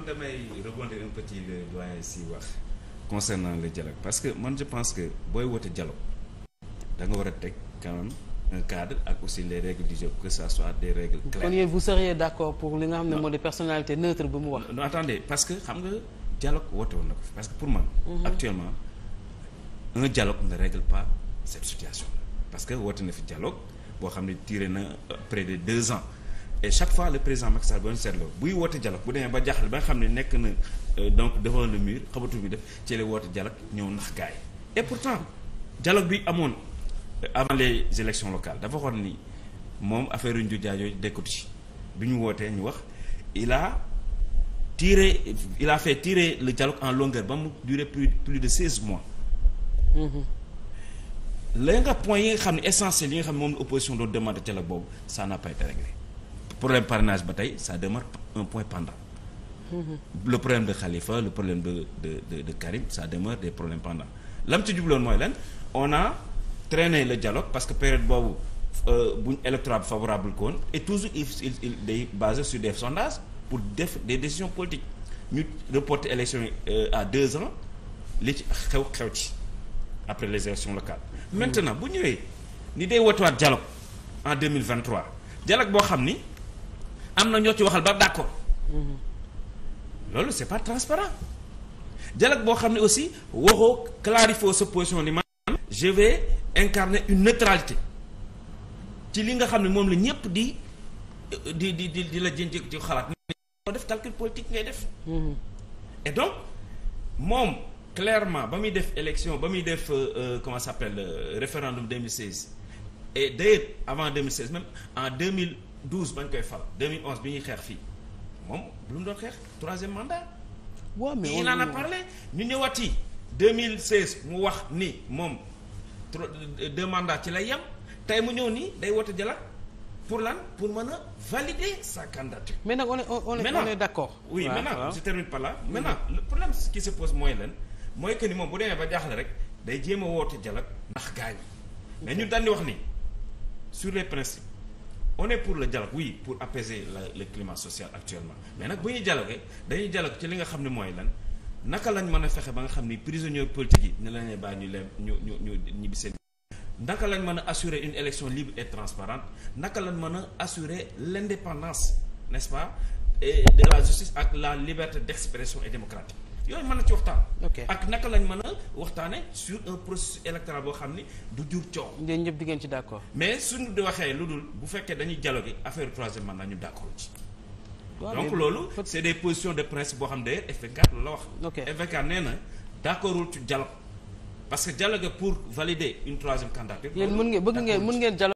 man damay rebondir un petit doyen si wax concernant le dialogue parce que man je pense que booy woote dialogue da nga war a teg quand même un cadre ak aussi les règles du jeu que ça soit des règles claires. pour li nga xam ne moo di personnalité neutre bu mu wax. non attendez parce que xam nga dialogue woote woon na ko parce que pour man. Mm -hmm. actuellement un dialogue ne règle pas cette situation parce que woote na fi dialogue boo xam ne tiré na près de deux ans. et chaque fois le président Macky Sall boo seetloo buy woote dialogue bu demee ba jaaxle ba nga xam ne nekk na euh, donc devant le mur xamatu bi def ci la woote dialogue ñëw nax gaay et pourtant dialogue bi amoon euh, avant les élections locales dafa xoon ni moom affaire yu njur jaajoo dekkatu ci bi ñu wootee ñu wax il a tiré il a fait tirer le dialogue en longueur ba mu durer plus plus de seize mois. Mm-hmm. la nga point yi nga xam ne essentiel yi nga xam ne moom la opposition doon demandé dialogue boobu ça n'a pas été réglé. problème parrainage ba tey ça demeure un point pendant le problème de Khalifa le problème de de de, de Karim ça demeure des problème pendants lam ci jubloon mooy lan on a traîné le dialogue parce que période boobu euh, bu ñu électorat favorable koon et toujours il il day basé sur des sondages pour def des décisions politiques ñu reporter élection yi euh, à deux ans li ci xew xew ci après les élections locales mm-hmm. maintenant bu ñëwee ni day wotuwaat dialogue en 2023 dialogue boo xam ni am na ñoo ci waxal ba d'accord loolu c'est pas transparent dialogue boo xam ne aussi waxoo clarifier sa position ni man je vais incarner une neutralité ci li nga xam ne moom la ñëpp di di di di la jën ci xalaat moo def calcul politique ngay def mm-hmm. et donc moom clairement ba muy def élection ba muy def euh, euh, comment ça s'appelle euh, référendum 2016 et d'ailleurs avant 2016 même en 2000 12 bañ koy fal 2011 bi ñuy xeex fii moom lu mu doon xeex troisième mandat. waaw mais il en a parlé ñu ñëwaat yi 2016 mu wax ni moom deux mandats ci lay yem tey mu ñëw nii day wote jëlaat pour lan pour mën a valider sa candidature. mais nag on est on est on est d'accord. oui ah, maintenant ah. je termine par là. maintenant problème qui se pose mooy lan mooy que ni moom bu demee ba jaaxle rek day jéem a woote jëlaat ndax gaañ. mais ñu daan di wax ni sur les principes. on pour le dialogue oui pour apaiser la le climat social actuellement mais nag bu ñuy dialogué dañuy dialogue ci li nga xam ne mooy lan naka lañ mën a fexe ba nga xam ni prisonniers politique yi ne la ñuy ñu leen ñu ñu ñu ñibbi seen naka lañ mën a assurer une élection libre et transparente naka lañ mën a assurer l'indépendance n'est-ce pas et de la justice ak la liberté d'expression et démocratique yooyu mën na ci waxtaan. ak naka lañ mën a waxtaanee sur un processus électoral boo xam ni du jur coow. ñun ñëpp di ci d' accord. mais suñu di waxee lu dul bu fekkee dañuy dialoguer affaire troisième mandat ñu d' accord ci. donc loolu c' est des de principe boo xam ne d'ailleurs F24 loolu la wax. ok F24 nee ci dialogue parce que dialogue pour valider une troisième candidature. yéen mën ngeen bëgg ngeen mën ngeen dialogue